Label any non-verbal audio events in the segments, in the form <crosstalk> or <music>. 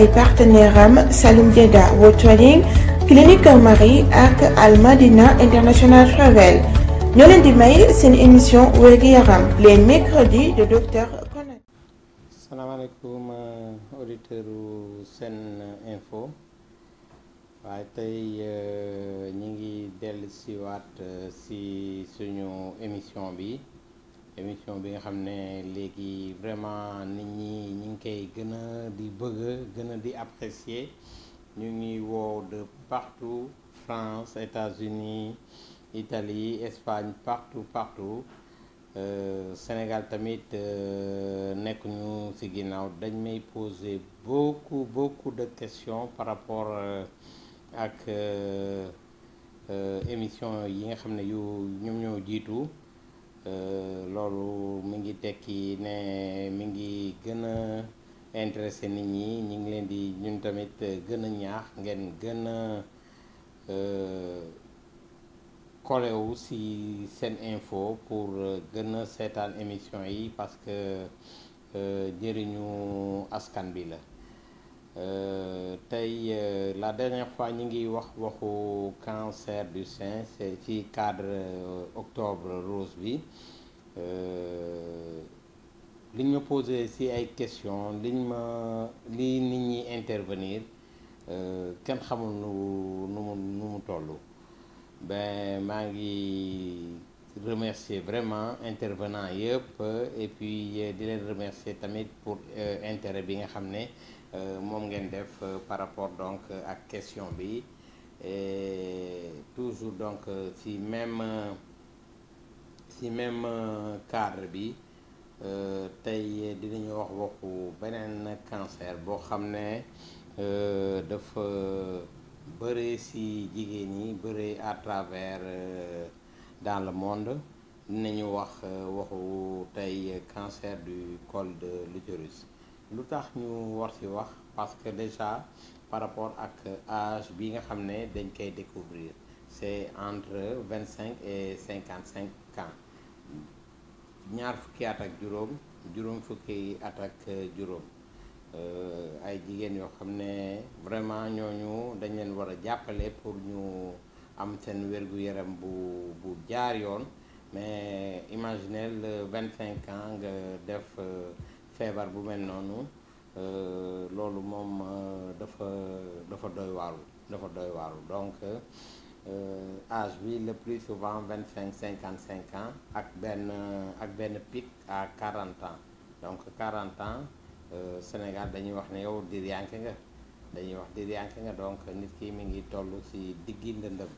ay partenaire am Saloum Dieda World Trading Clinique Keur Marie ak International Travel ñoo leen may seen émission wérgu yaram les mercredis de docteur Konaté. salaamaaleykum euh, auditeur Sen Info waaye tey euh, ñi ngi dellu siwaat euh, si suñu émission bi. émission bi nga xam ne léegi vraiment nit ñi ñu ngi koy gën a di bëgg gën a di apprécier ñu ngi woow de partout France États-Unis Italie Espagne partout partout euh, Sénégal tamit euh, nekk ñu ci ginnaaw dañ may poser beaucoup beaucoup de question par rapport euh, ak euh, euh, émission yi nga xam ne yu ñoom ñoo jiitu Euh, loolu mi ngi tekki ne mi ngi gën a intéressé nit ñi ñu ngi leen di ñun tamit gën a ñaax ngeen gën a kolewu euh, si seen info pour euh, gën a seetaan émission yi parce que jëriñu askan bi la Euh, tey euh, la dernière fois ñu ngi wax waxu cancer du sein c'est ci cadre euh, octobre rose bi liñ ma posé ci ay questions liñ ma li nit ñi intervenir kenn xamul nu nu mu nu mu toll ben maa ngi remercier vraiment intervenant yëpp et puis euh, di leen remercier tamit pour euh, intérêt bi nga xam ne euh, moom ngeen def par rapport donc ak question bi et toujours donc si même si même cadre bi tey dinañu wax waxu beneen cancer boo xam ne dafa bëri si jigéen ñi bëre à travers dans le monde dinañu wax euh, waxu tey cancer du col de l'utérus lu tax ñu war ci wax parce que déjà par rapport ak âge bi nga xam ne dañ koy découvrir c'est entre vingt cinq et cinquante cinq ans ñaar fukki at ak juróom juróom fukki at ak juróom euh, ay jigéen yoo xam ne vraiment ñooñu dañ leen war a jàppale pour ñu am seen wér-gu-yaram bu bu jaar yoon mais imaginez euh, vingt cinq ans nga def euh, feebar bu mel noonu euh, loolu moom dafa dafa doy waaru dafa doy waaru donc âge bi le plus souvent vingt cinq cinquante cinq ans ak benn ak benn pic à quarante ans donc quarante ans Sénégal dañuy wax ne yow diriyànke nga dañuy wax diriyànke nga donc nit ki mi ngi toll si diggi ndëndëm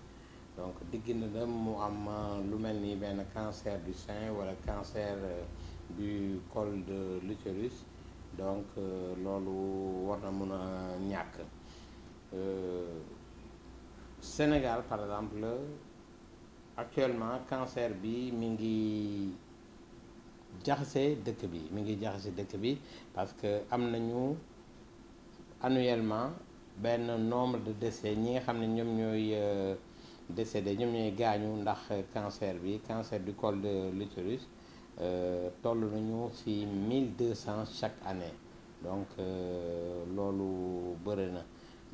donc digg na dem mu am euh, lu mel ni benn cancer du sein wala cancer euh, du cole de l'utérus donc euh, loolu war na mun a ñàkk Sénégal par exemple actuellement cancer bi mi ngi jaxase dëkk bi mi ngi jaxase dëkk bi parce que am nañu annuellement benn nombre de décès ñi nga xam ne ñoom ñooy. décédé ñoom ñooy gaañu ndax cancer bi cancer du col de l'utérus euh, toll nañu ci 1200 chaque année donc euh, loolu bëri na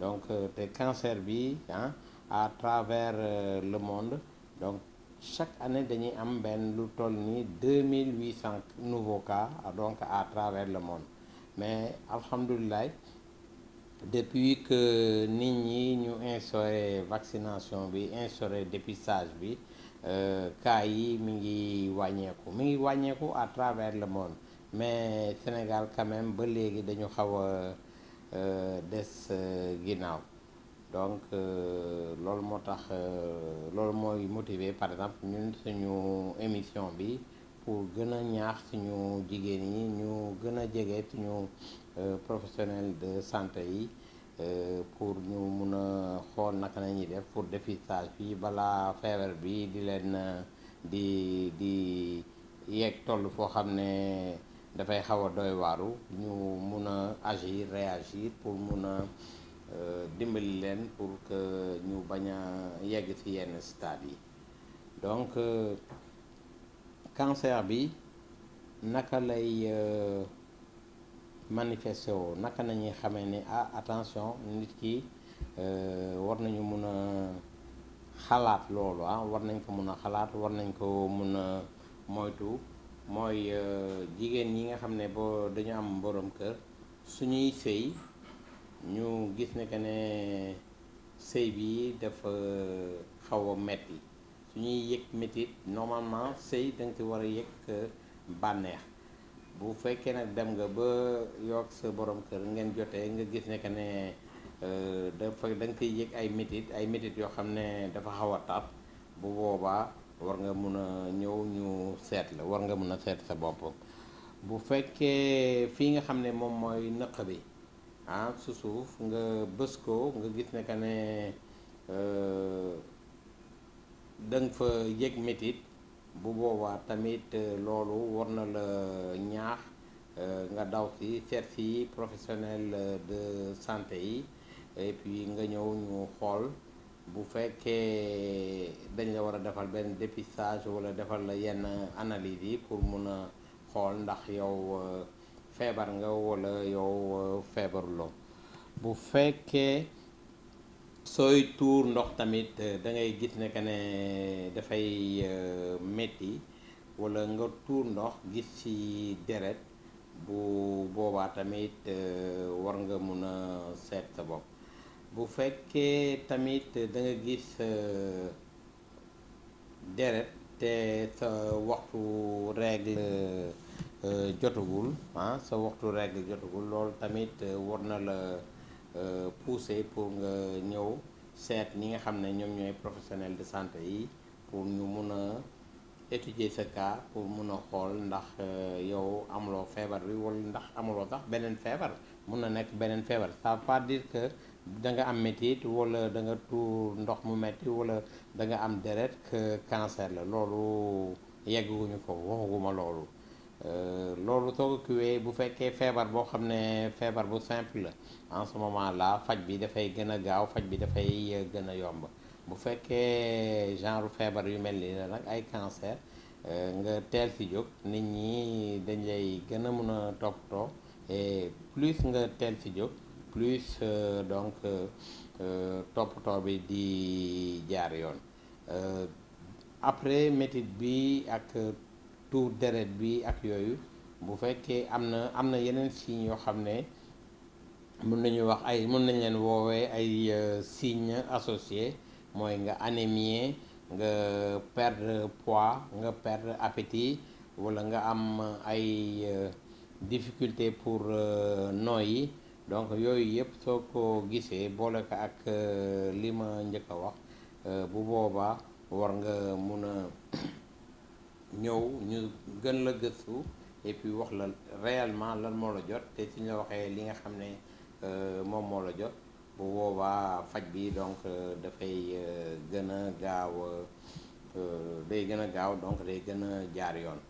donc euh, te cancer bi ah à travers le monde donc chaque année dañuy am benn lu toll ni nouveau nouveaux cas donc à travers le monde mais alhamdulilah. depuis que nit ñi ñu instauré vaccination bi instauré dépistage bi euh, cas yi mi ngi wàññeeku mi ngi wàññeeku à travers le monde mais Sénégal quand ba léegi dañu xaw a euh, des euh, ginnaaw donc loolu moo tax loolu mooy motiver par exemple ñun suñu émission bi pour gën a ñaax suñu jigéen yi ñu gën a jege suñu. Euh, professionnels de santé yi euh, pour ñu mun a xool naka la def pour dépistage bi balaa feebar bi di leen euh, di di yeeg toll foo xam ne dafay xaw a doy waaru ñu mun a agir réagir pour mun a dimbali leen pour que ñu bañ a yegg ci yenn stade yi donc cancer bi naka lay. manifesté woo naka nañuy xamee ni ah attention nit ki euh, war nañu mun a xalaat loolu ah war nañ ko mun a xalaat war nañ ko mun a moytu mooy euh, jigéen ñi nga xam ne boo dañu am borom kër suñuy sëy ñu gis ne que ne sëy bi dafa xaw a su ñuy yëg métit normalement sëy dañ nga war a yëg bànneex bu fekkee nag dem nga ba yokk sa borom kër ngeen jotee nga gis ne que ne euh, dafa da nga koy yëg ay métit ay métit yoo xam ne dafa xaw a taab bu boobaa war nga mun a ñëw ñu seet la war nga mun a seet sa bopp bu fekkee fii nga xam ne moom mooy nëq bi ah su suuf nga bës ko nga gis ne que ne euh, da nga fa yëg métit bu boobaa tamit euh, loolu war na la euh, ñaax euh, nga daw si seet si professionnel de santé yi et yi nga ñëw ñu xool bu fekkee dañ la war a defal benn dépistage wala defal la yenn analyse yi pour mun a xool ndax yow feebar nga wala yow feebaruloo bu fekkee sooy tuur ndox tamit euh, da ngay gis ne que ne euh, dafay euh, metti walla nga tuur ndox gis ci deret bu boobaa tamit war nga mun a seet sa bopp bu fekkee tamit da gis deret te sa waxtu règle jotagul ah sa waxtu règle jotagul loolu tamit war na la Euh, poussé pour nga ñëw seet ñi nga xam ne ñoom ñooy professionnel de santé yi pour ñu mun a étudier sa cas pour mun a xool ndax euh, yow amuloo feebar bi wala ndax amuloo sax beneen feebar mun na nekk beneen feebar sa veut pas dire que da nga am métit walla da nga tuur ndox mu métti wala da nga am deret que cancer la loolu yegguñu ko waxuguma loolu Euh, loolu soo ko kiwee bu fekkee feebar boo xam ne feebar bu simple la en ce moment là faj bi dafay gën a gaaw faj bi dafay euh, gën a yomb bu fekkee genre feebar yu mel ni la nag ay cancer euh, nga teel si jóg nit ñi dañ lay gën a mën a toppatoo et plus nga teel si jóg plus donc toppatoo bi di jaar yoon après métit bi ak tuur deret bi ak yooyu bu fekkee am na am na yeneen signes yoo xam ne mën nañu wax ay mën nañ leen woowee ay euh, signes associés mooy nga anémie nga perdre poids nga perdre appétit wala nga am ay euh, difficulté pour euh, yi donc yooyu yëpp soo ko gisee boole ko ak li ma njëkk a wax bu boobaa war nga mun a ñëw ñu gën la gëstu et wax la réellement lan moo la jot te ci ñu la waxee li nga xam ne euh, moom moo la jot bu boobaa faj bi donc euh, dafay euh, gën a gaaw day gën a gaaw donc day gën a jaar yoon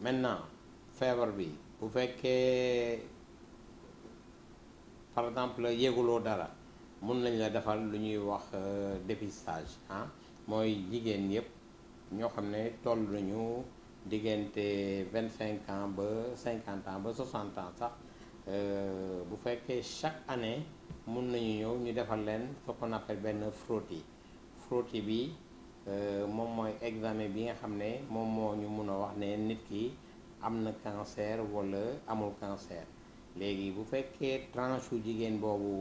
maintenant feebar bi bu fekkee par exemple yéguloo dara mun nañ la defal lu ñuy wax dépistage ah mooy jigéen yépp ñoo xam ne toll nañu diggante vingt cinq ans ba cinquante ans ba soixante ans sax euh, bu fekkee chaque année mun nañu ñëw ñu defal leen ce qu'on benn frottis frottis bi euh, moom mooy examen bi nga xam ne moom moo ñu mun a wax ne nit ki am na cancer wala amul cancer léegi bu fekkee tranche yu jigéen boobu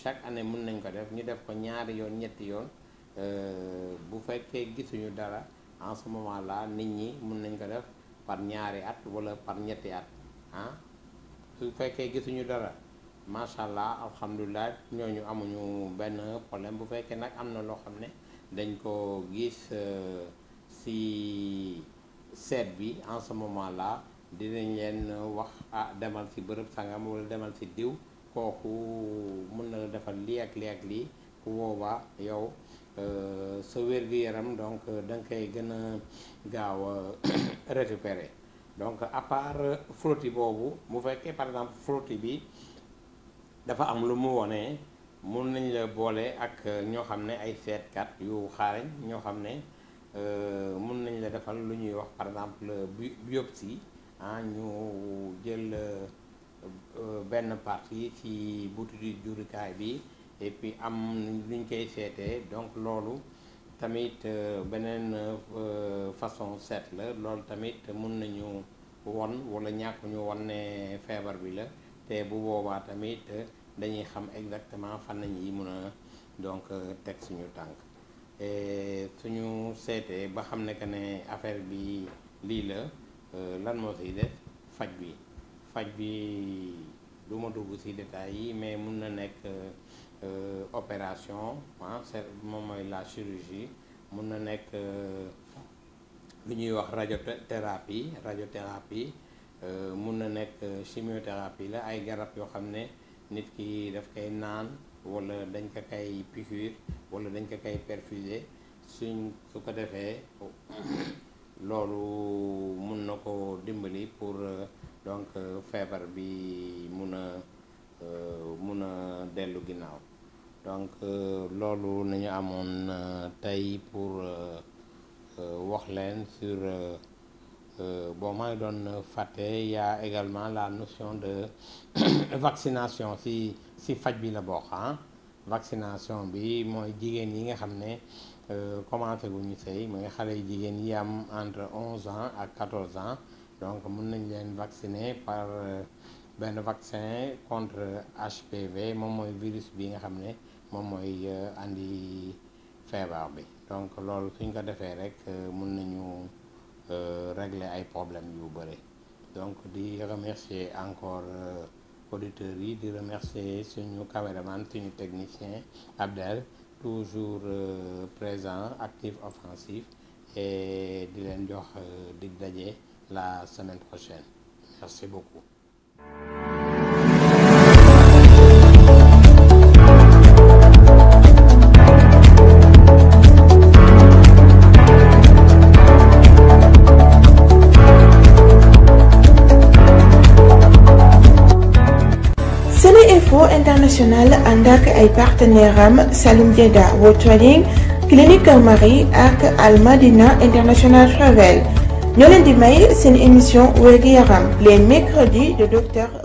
chaque année mun nañ ko def ñu def ko ñaari yoon ñetti yoon euh, bu fekkee gisuñu dara. en ce moment là nit ñi mun nañ ko def par ñaari at wala par ñetti at ah su fekkee gisuñu dara macha allah alhamdulilah ñooñu amuñu benn problème bu fekkee nag am na loo xam ne dañ ko gis euh, si seet bi en ce moment là dinañ leen wax ah demal si bërëb sangam wala demal si diw kooku mun na la defal lii ak lii ak lii ku boobaa yow. Euh, sa wér gi yaram donc euh, da nga koy gën a gaaw a <coughs> récupérer donc à part euh, frottis boobu bu fekkee par exemple frottis bi dafa am lu mu wone mun nañ la boole ak ñoo xam ne ay seetkat yu xaarañ ñoo xam ne mun nañ la defal lu ñuy wax par exemple bu biopsie ah ñu jël benn partie ci butitu jurukaay bi et am luñ koy seetee donc loolu tamit euh, beneen euh, façon seet la lool tamit mun nañu won wala ñàkk ñu won ne feebar bi la te bu boobaa tamit dañuy xam exactement fan nañ yi mun a donc euh, teg suñu tànk suñu seetee ba xam ne que ne affaire bi lii la lan moo siy faj bi faj bi dugg ci détails yi mais mun na nekk euh, opération ah moom mooy la chirurgie mun na nekk euh, lu ñuy wax radiothérapie radiothérapie euh, mun na nekk chimiothérapie la ay garab yoo xam ne nit ki daf koy naan wala dañ ko kay piqûre wala dañ ko kay perfuser suñ su ko defee <coughs> loolu mun na ko dimbali pour. donc euh, feebar bi mun a euh, mun a dellu ginnaaw donc euh, loolu nañu amoon tey pour wax leen sur bon maa ngi doon fàtte y également la notion de <coughs> vaccination si si faj bi la bokk ah vaccination bi mooy jigéen yi nga xam ne commencé gu ñu sëy mooy xale yu jigéen yi am entre 11 ans ak 14 ans donc mun nañ leen vacciner par euh, benn vaccin contre HPV moom mooy virus bi nga xam ne moom mooy euh, andi feebar bi donc loolu suñ ko defee rek euh, mun nañu régler ay problèmes yu bëri donc di remercier encore auditeurs yi di remercier suñu caméraman suñu technicien Abdel toujours présent actif offensif et di leen jox dig daje. la semaine prochaine. Merci beaucoup. Seneinfo International ànd ak ay partenaire am Salim Dieda World Trading Clinique Marie ak Al Madina International Travel ñoo leen di may seen émission wér-gu-yaram les mercredis de docteur